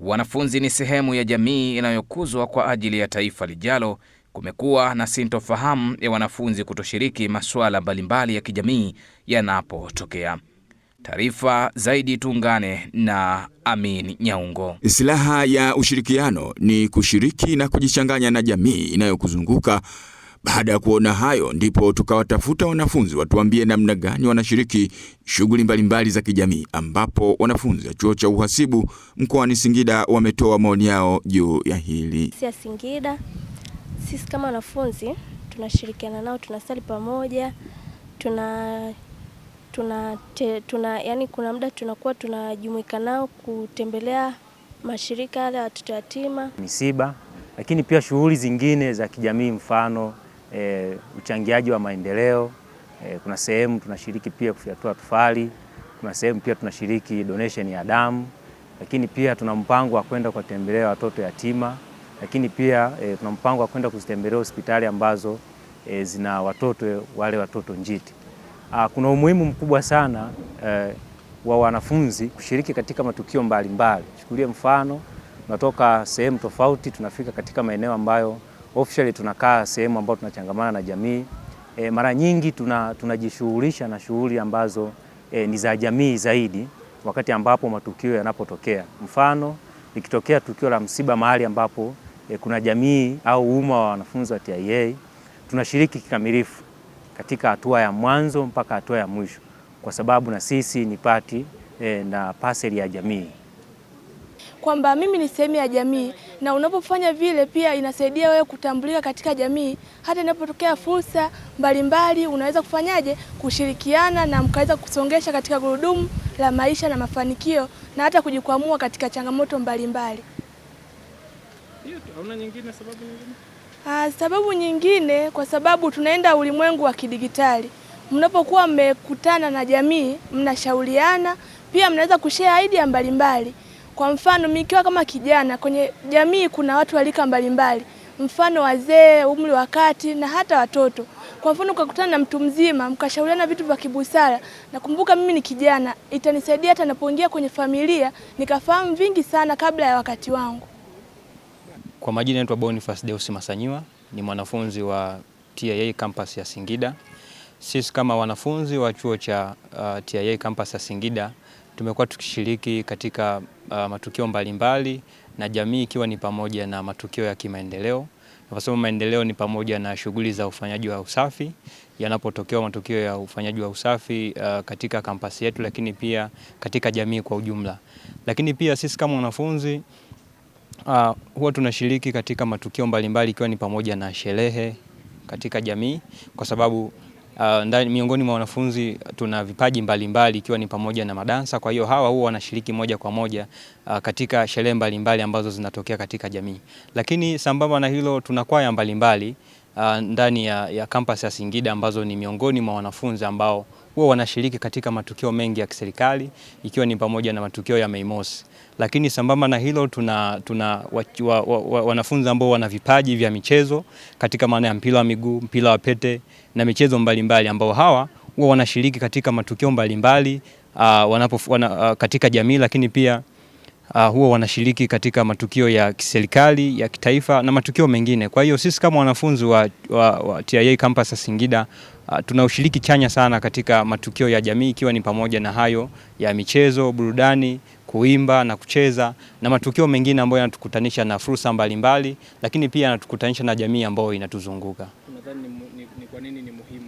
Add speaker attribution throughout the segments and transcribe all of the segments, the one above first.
Speaker 1: Wanafunzi ni sehemu ya jamii inayokuzwa kwa ajili ya taifa lijalo. Kumekuwa na sintofahamu ya wanafunzi kutoshiriki masuala mbalimbali ya kijamii yanapotokea. Taarifa zaidi tuungane na Amin Nyaungo.
Speaker 2: Silaha ya ushirikiano ni kushiriki na kujichanganya na jamii inayokuzunguka baada ya kuona hayo, ndipo tukawatafuta wanafunzi watuambie namna gani wanashiriki shughuli mbalimbali za kijamii, ambapo wanafunzi wa chuo cha uhasibu mkoani Singida wametoa maoni yao juu ya hili.
Speaker 3: Sisi ya Singida, sisi kama wanafunzi tunashirikiana nao, tunasali pamoja, tuna tuna, te, tuna yani kuna muda tunakuwa tunajumuika nao kutembelea mashirika yale watoto yatima,
Speaker 4: misiba, lakini pia shughuli zingine za kijamii mfano e, uchangiaji wa maendeleo e, kuna sehemu tunashiriki pia kufyatua tufali, kuna sehemu pia tunashiriki donation ya damu, lakini pia tuna mpango wa kwenda kuwatembelea watoto yatima, lakini pia e, tuna mpango wa kwenda kuzitembelea hospitali ambazo e, zina watoto wale watoto njiti. A, ah, kuna umuhimu mkubwa sana e, wa wanafunzi kushiriki katika matukio mbalimbali. Chukulie mfano, natoka sehemu tofauti tunafika katika maeneo ambayo Officially tunakaa sehemu ambayo tunachangamana na jamii e, mara nyingi tunajishughulisha tuna na shughuli ambazo e, ni za jamii zaidi wakati ambapo matukio yanapotokea. Mfano, likitokea tukio la msiba mahali ambapo e, kuna jamii au umma wa wanafunzi wa TIA tunashiriki kikamilifu katika hatua ya mwanzo mpaka hatua ya mwisho, kwa sababu na sisi ni pati e, na paseli ya jamii
Speaker 5: kwamba mimi ni sehemu ya jamii, na unapofanya vile pia inasaidia wewe kutambulika katika jamii. Hata inapotokea fursa mbalimbali, unaweza kufanyaje kushirikiana na mkaweza kusongesha katika gurudumu la maisha na mafanikio, na hata kujikwamua katika changamoto mbalimbali. sababu nyingine? Ah, sababu nyingine kwa sababu tunaenda ulimwengu wa kidigitali. Mnapokuwa mmekutana na jamii, mnashauriana, pia mnaweza kushare idea mbalimbali. Kwa mfano mikiwa kama kijana, kwenye jamii kuna watu walika mbalimbali, mfano wazee, umri wa kati na hata watoto. Kwa mfano ukakutana na mtu mzima mkashauriana vitu vya kibusara, nakumbuka mimi ni kijana, itanisaidia hata napoingia kwenye familia nikafahamu vingi sana kabla ya wakati wangu.
Speaker 4: Kwa majina naitwa Boniface Deus Masanyiwa, ni mwanafunzi wa TIA campus ya Singida. Sisi kama wanafunzi wa chuo cha uh, TIA campus ya Singida tumekuwa tukishiriki katika uh, matukio mbalimbali mbali, na jamii ikiwa ni pamoja na matukio ya kimaendeleo. Navyosema maendeleo ni pamoja na shughuli za ufanyaji wa usafi, yanapotokea matukio ya ufanyaji wa usafi uh, katika kampasi yetu, lakini pia katika jamii kwa ujumla. Lakini pia sisi kama wanafunzi uh, huwa tunashiriki katika matukio mbalimbali ikiwa mbali, ni pamoja na sherehe katika jamii kwa sababu Uh, miongoni mwa wanafunzi tuna vipaji mbalimbali ikiwa mbali, ni pamoja na madansa. Kwa hiyo hawa huwa wanashiriki moja kwa moja uh, katika sherehe mbalimbali ambazo zinatokea katika jamii, lakini sambamba na hilo tuna kwaya mbalimbali uh, ndani ya, ya kampasi ya Singida ambazo ni miongoni mwa wanafunzi ambao huwa wanashiriki katika matukio mengi ya kiserikali ikiwa ni pamoja na matukio ya Mei Mosi. Lakini sambamba na hilo tuna, tuna wa, wa, wa, wanafunzi ambao wana vipaji vya michezo katika maana ya mpira wa miguu, mpira wa pete na michezo mbalimbali ambao hawa huwa wanashiriki katika matukio mbalimbali uh, ah, wanapo, wana, uh, katika jamii lakini pia uh, huwa wanashiriki katika matukio ya kiserikali ya kitaifa na matukio mengine. Kwa hiyo sisi kama wanafunzi wa, wa, wa TIA campus ya Singida uh, tuna ushiriki chanya sana katika matukio ya jamii ikiwa ni pamoja na hayo ya michezo, burudani, kuimba na kucheza na matukio mengine ambayo yanatukutanisha na fursa mbalimbali, lakini pia yanatukutanisha na jamii ambayo inatuzunguka.
Speaker 6: Unadhani ni, ni, ni kwa nini ni muhimu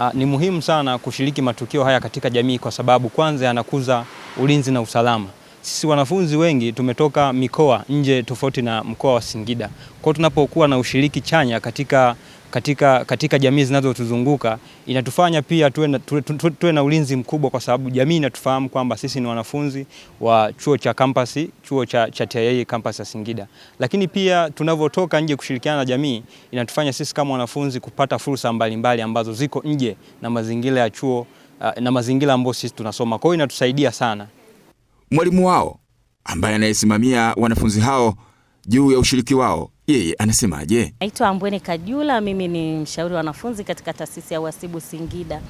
Speaker 4: uh, ni muhimu sana kushiriki matukio haya katika jamii, kwa sababu kwanza yanakuza ulinzi na usalama. Sisi wanafunzi wengi tumetoka mikoa nje tofauti na mkoa wa Singida, kwa hiyo tunapokuwa na ushiriki chanya katika katika, katika jamii zinazotuzunguka inatufanya pia tuwe na, tuwe, tuwe, tuwe na ulinzi mkubwa, kwa sababu jamii inatufahamu kwamba sisi ni wanafunzi wa chuo cha kampasi, chuo cha, cha TIA campus ya Singida, lakini pia tunavyotoka nje kushirikiana na jamii inatufanya sisi kama wanafunzi kupata fursa mbalimbali ambazo ziko nje na mazingira ya chuo uh, na mazingira ambayo sisi tunasoma. Kwa hiyo inatusaidia sana.
Speaker 2: Mwalimu wao ambaye anayesimamia wanafunzi hao juu ya ushiriki wao yeye anasemaje?
Speaker 7: Naitwa Ambwene Kajula, mimi ni mshauri wa wanafunzi katika taasisi ya uhasibu Singida.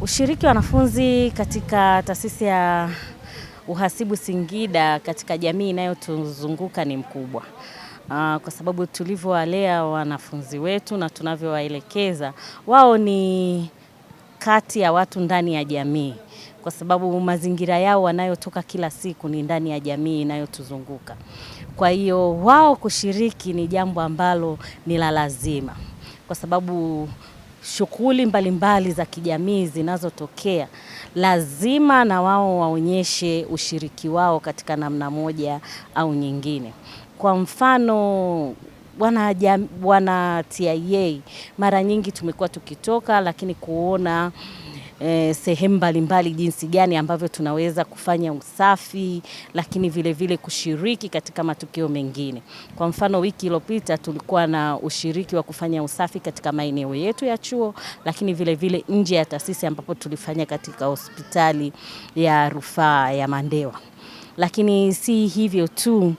Speaker 7: Ushiriki wa wanafunzi katika taasisi ya uhasibu Singida katika jamii inayotuzunguka ni mkubwa ah, kwa sababu tulivyowalea wanafunzi wetu na tunavyowaelekeza wao ni kati ya watu ndani ya jamii kwa sababu mazingira yao wanayotoka kila siku ni ndani ya jamii inayotuzunguka. Kwa hiyo wao kushiriki ni jambo ambalo ni la lazima, kwa sababu shughuli mbalimbali za kijamii zinazotokea lazima na wao waonyeshe ushiriki wao katika namna moja au nyingine. Kwa mfano wana, wana TIA mara nyingi tumekuwa tukitoka, lakini kuona eh, sehemu mbalimbali jinsi gani ambavyo tunaweza kufanya usafi, lakini vile vile kushiriki katika matukio mengine. Kwa mfano, wiki iliyopita tulikuwa na ushiriki wa kufanya usafi katika maeneo yetu ya chuo, lakini vile vile nje ya taasisi ambapo tulifanya katika hospitali ya rufaa ya Mandewa. Lakini si hivyo tu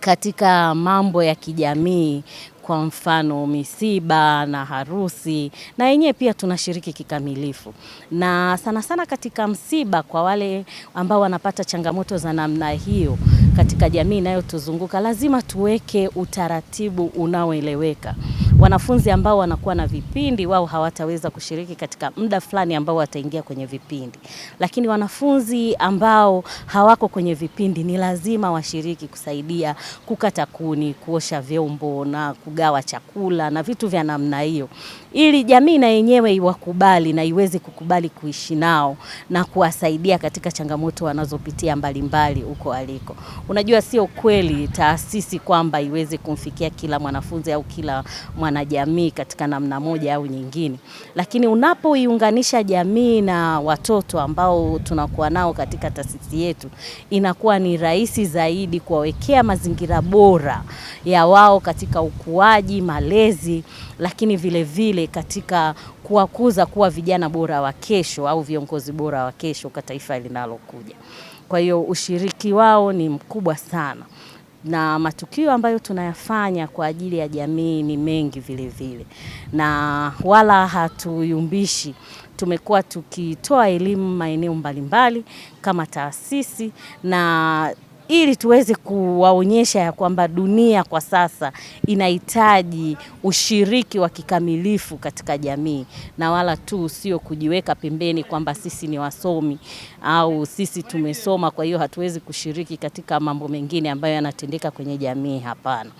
Speaker 7: katika mambo ya kijamii kwa mfano misiba na harusi, na yenyewe pia tunashiriki kikamilifu, na sana sana katika msiba, kwa wale ambao wanapata changamoto za namna hiyo katika jamii inayotuzunguka, lazima tuweke utaratibu unaoeleweka wanafunzi ambao wanakuwa na vipindi wao hawataweza kushiriki katika muda fulani ambao wataingia kwenye vipindi, lakini wanafunzi ambao hawako kwenye vipindi ni lazima washiriki kusaidia kukata kuni, kuosha vyombo na kugawa chakula na vitu vya namna hiyo ili jamii na yenyewe iwakubali na iweze kukubali kuishi nao na kuwasaidia katika changamoto wanazopitia mbalimbali huko aliko. Unajua, sio kweli taasisi kwamba iweze kumfikia kila mwanafunzi au kila mwanajamii katika namna moja au nyingine, lakini unapoiunganisha jamii na watoto ambao tunakuwa nao katika taasisi yetu, inakuwa ni rahisi zaidi kuwawekea mazingira bora ya wao katika ukuaji, malezi, lakini vile vile kule katika kuwakuza kuwa vijana bora wa kesho au viongozi bora wa kesho kwa taifa linalokuja. Kwa hiyo ushiriki wao ni mkubwa sana na matukio ambayo tunayafanya kwa ajili ya jamii ni mengi vile vile, na wala hatuyumbishi. Tumekuwa tukitoa elimu maeneo mbalimbali kama taasisi na ili tuweze kuwaonyesha ya kwamba dunia kwa sasa inahitaji ushiriki wa kikamilifu katika jamii, na wala tu sio kujiweka pembeni kwamba sisi ni wasomi au sisi tumesoma, kwa hiyo hatuwezi kushiriki katika mambo mengine ambayo yanatendeka kwenye jamii. Hapana.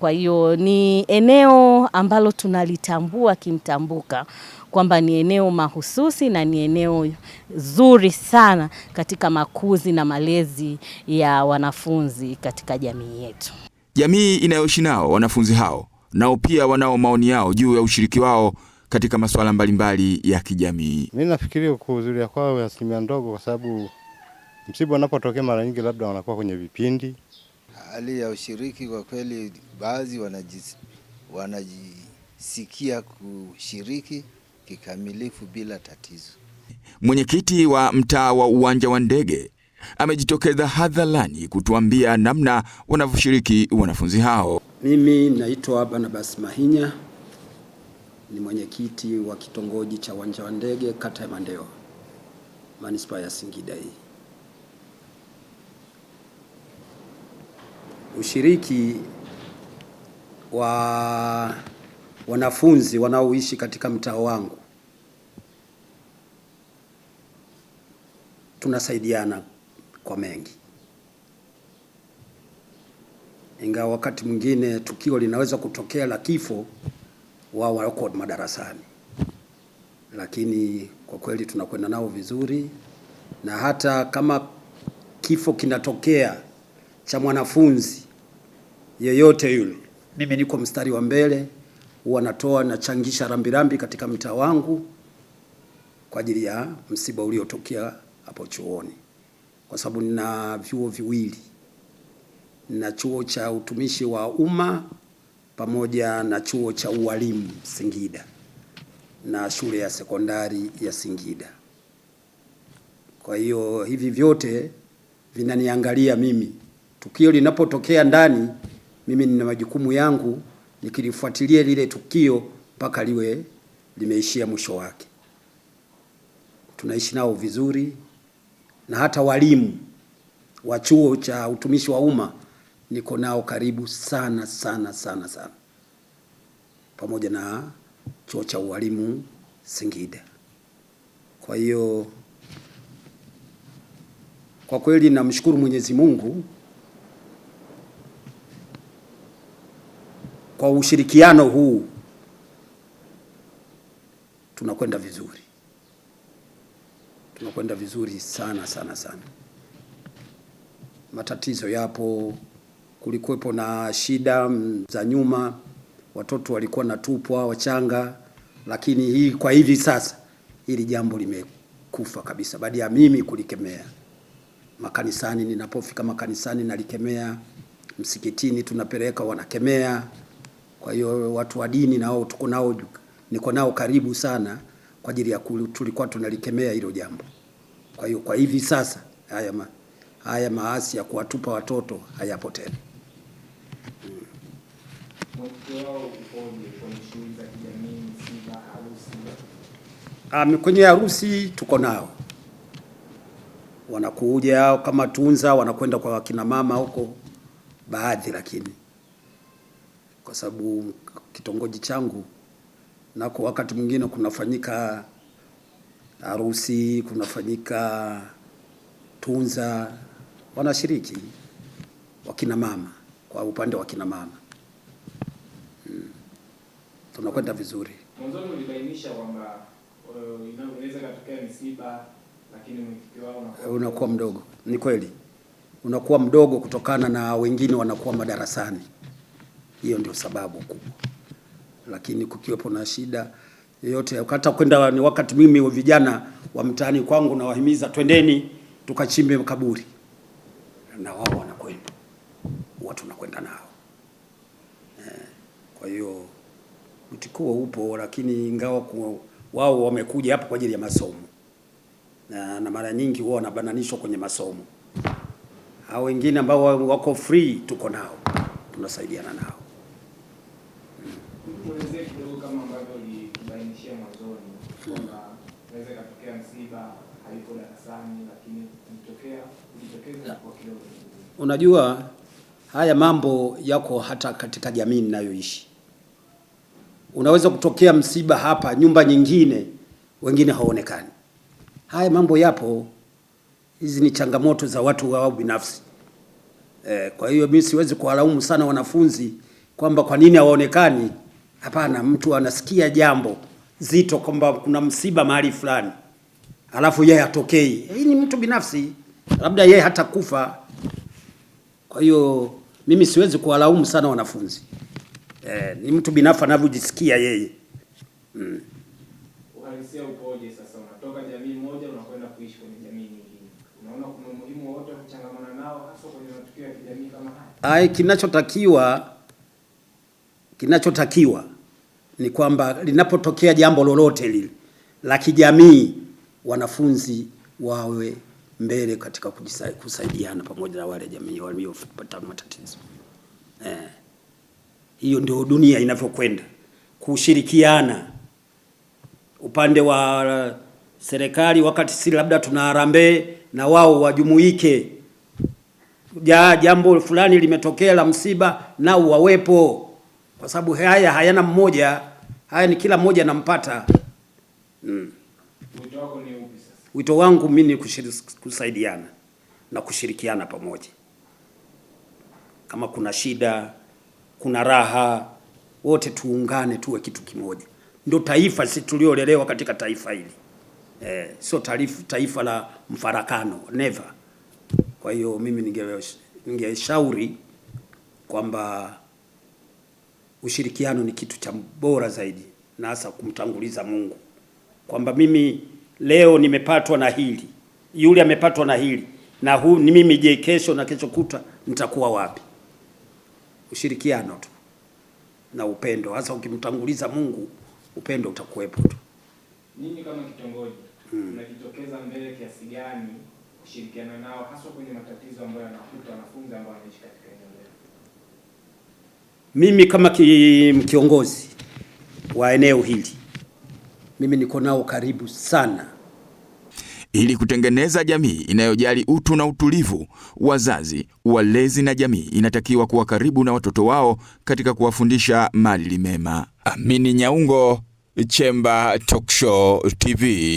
Speaker 7: Kwa hiyo ni eneo ambalo tunalitambua kimtambuka kwamba ni eneo mahususi na ni eneo zuri sana katika makuzi na malezi ya wanafunzi katika jamii yetu.
Speaker 2: Jamii inayoishi nao wanafunzi hao nao pia wanao maoni yao juu ya ushiriki wao katika masuala mbalimbali ya kijamii.
Speaker 8: Mimi nafikiria kuhudhuria kwao asilimia ndogo, kwa sababu msiba unapotokea mara nyingi labda wanakuwa kwenye vipindi.
Speaker 9: Hali ya ushiriki kwa kweli, baadhi wanajisikia kushiriki kikamilifu bila tatizo.
Speaker 2: Mwenyekiti wa mtaa wa uwanja wa ndege amejitokeza hadharani kutuambia namna wanavyoshiriki wanafunzi hao.
Speaker 10: Mimi naitwa Barnabas Mahinya, ni mwenyekiti wa kitongoji cha uwanja wa ndege kata ya Mandeo, manispaa ya Singida. Hii ushiriki wa wanafunzi wanaoishi katika mtaa wangu tunasaidiana kwa mengi, ingawa wakati mwingine tukio linaweza kutokea la kifo, wao wako madarasani, lakini kwa kweli tunakwenda nao vizuri, na hata kama kifo kinatokea cha mwanafunzi yeyote yule, mimi niko mstari wa mbele, huwa natoa nachangisha rambirambi katika mtaa wangu kwa ajili ya msiba uliotokea hapo chuoni, kwa sababu nina vyuo viwili, na chuo cha utumishi wa umma pamoja na chuo cha ualimu Singida na shule ya sekondari ya Singida. Kwa hiyo hivi vyote vinaniangalia mimi, tukio linapotokea ndani, mimi nina majukumu yangu nikilifuatilia lile tukio mpaka liwe limeishia mwisho wake. Tunaishi nao vizuri na hata walimu wa chuo cha utumishi wa umma niko nao karibu sana sana sana sana, pamoja na chuo cha ualimu Singida. Kwa hiyo kwa kweli namshukuru Mwenyezi Mungu kwa ushirikiano huu tunakwenda vizuri tunakwenda vizuri sana sana sana. Matatizo yapo, kulikuwepo na shida za nyuma, watoto walikuwa natupwa wachanga, lakini hii kwa hivi sasa hili jambo limekufa kabisa, baada ya mimi kulikemea makanisani. Ninapofika makanisani nalikemea, msikitini tunapeleka wanakemea. Kwa hiyo watu wa dini nao tuko nao niko nao karibu sana kwa ajili ya kulu, tulikuwa tunalikemea hilo jambo. Kwa hiyo kwa hivi sasa haya, ma, haya maasi ya kuwatupa watoto hayapo tena. Um, kwenye harusi tuko nao wanakuja kama tunza, wanakwenda kwa wakina mama huko baadhi, lakini kwa sababu kitongoji changu na kwa wakati mwingine kunafanyika harusi, kunafanyika tunza, wanashiriki wakina mama. Kwa upande wa kina mama hmm, tunakwenda vizuri.
Speaker 6: Mwanzoni ulibainisha kwamba uh, inaweza kutokea misiba, lakini mwitikio wao unakuwa,
Speaker 10: unakuwa mdogo. Ni kweli unakuwa mdogo kutokana na wengine wanakuwa madarasani, hiyo ndio sababu kubwa lakini kukiwepo na shida yoyote hata kwenda ni wakati mimi vijana wa mtaani kwangu nawahimiza twendeni tukachimbe kaburi, na wao wanakwenda, huwa tunakwenda nao eh, Kwa hiyo mtikuo upo, lakini ingawa wao wamekuja hapa kwa ajili ya masomo na, na mara nyingi huwa wanabananishwa kwenye masomo. Hao wengine ambao wako free tuko nao, tunasaidiana nao
Speaker 6: kidogo kama ambavyo ulibainishia mwanzoni kwamba ikatokea msiba darasani, lakini kwa kidogo.
Speaker 10: Unajua haya mambo yako hata katika jamii ninayoishi. Unaweza kutokea msiba hapa, nyumba nyingine, wengine haonekani. Haya mambo yapo, hizi ni changamoto za watu wao binafsi. E, kwa hiyo mimi siwezi kuwalaumu sana wanafunzi kwamba kwa nini hawaonekani. Hapana, mtu anasikia jambo zito kwamba kuna msiba mahali fulani, alafu yeye atokei. Hii ni mtu binafsi, labda yeye hata kufa. Kwa hiyo mimi siwezi kuwalaumu sana wanafunzi e, ni mtu binafsi anavyojisikia yeye mm.
Speaker 6: Uhalisia ukoje sasa? Unatoka jamii moja unakwenda kuishi kwenye jamii nyingine, unaona kuna umuhimu wote kuchangamana nao hasa kwenye matukio ya kijamii kama haya?
Speaker 10: Ai, kinachotakiwa Kinachotakiwa ni kwamba linapotokea jambo lolote lile la kijamii, wanafunzi wawe mbele katika kusaidiana pamoja na wale jamii waliopata matatizo eh. Hiyo ndio dunia inavyokwenda, kushirikiana upande wa serikali, wakati si labda tuna harambee na wao wajumuike, ja jambo fulani limetokea la msiba, nao wawepo kwa sababu haya hayana mmoja, haya ni kila mmoja anampata.
Speaker 6: Mm. Wito wako ni upi sasa?
Speaker 10: Wito wangu mimi ni kusaidiana na kushirikiana pamoja, kama kuna shida, kuna raha, wote tuungane, tuwe kitu kimoja. Ndio taifa sisi tuliolelewa katika taifa hili eh, sio taifa, taifa la mfarakano never. Kwa hiyo mimi ningeshauri kwamba ushirikiano ni kitu cha bora zaidi, na hasa kumtanguliza Mungu, kwamba mimi leo nimepatwa na hili, yule amepatwa na hili, na huu ni mimi, je, kesho na kesho kuta nitakuwa wapi? Ushirikiano tu na upendo, hasa ukimtanguliza Mungu, upendo utakuwepo tu.
Speaker 6: Nini kama kitongoji hmm. mnajitokeza hmm, mbele kiasi gani kushirikiana nao hasa kwenye matatizo ambayo yanakuta wanafunzi ambao wanaishi katika eneo lenu?
Speaker 10: Mimi kama ki, kiongozi wa eneo hili mimi niko nao karibu sana.
Speaker 2: Ili kutengeneza jamii inayojali utu na utulivu, wazazi, walezi na jamii inatakiwa kuwa karibu na watoto wao katika kuwafundisha maadili mema. Amini Nyaungo, Chemba Talk Show TV.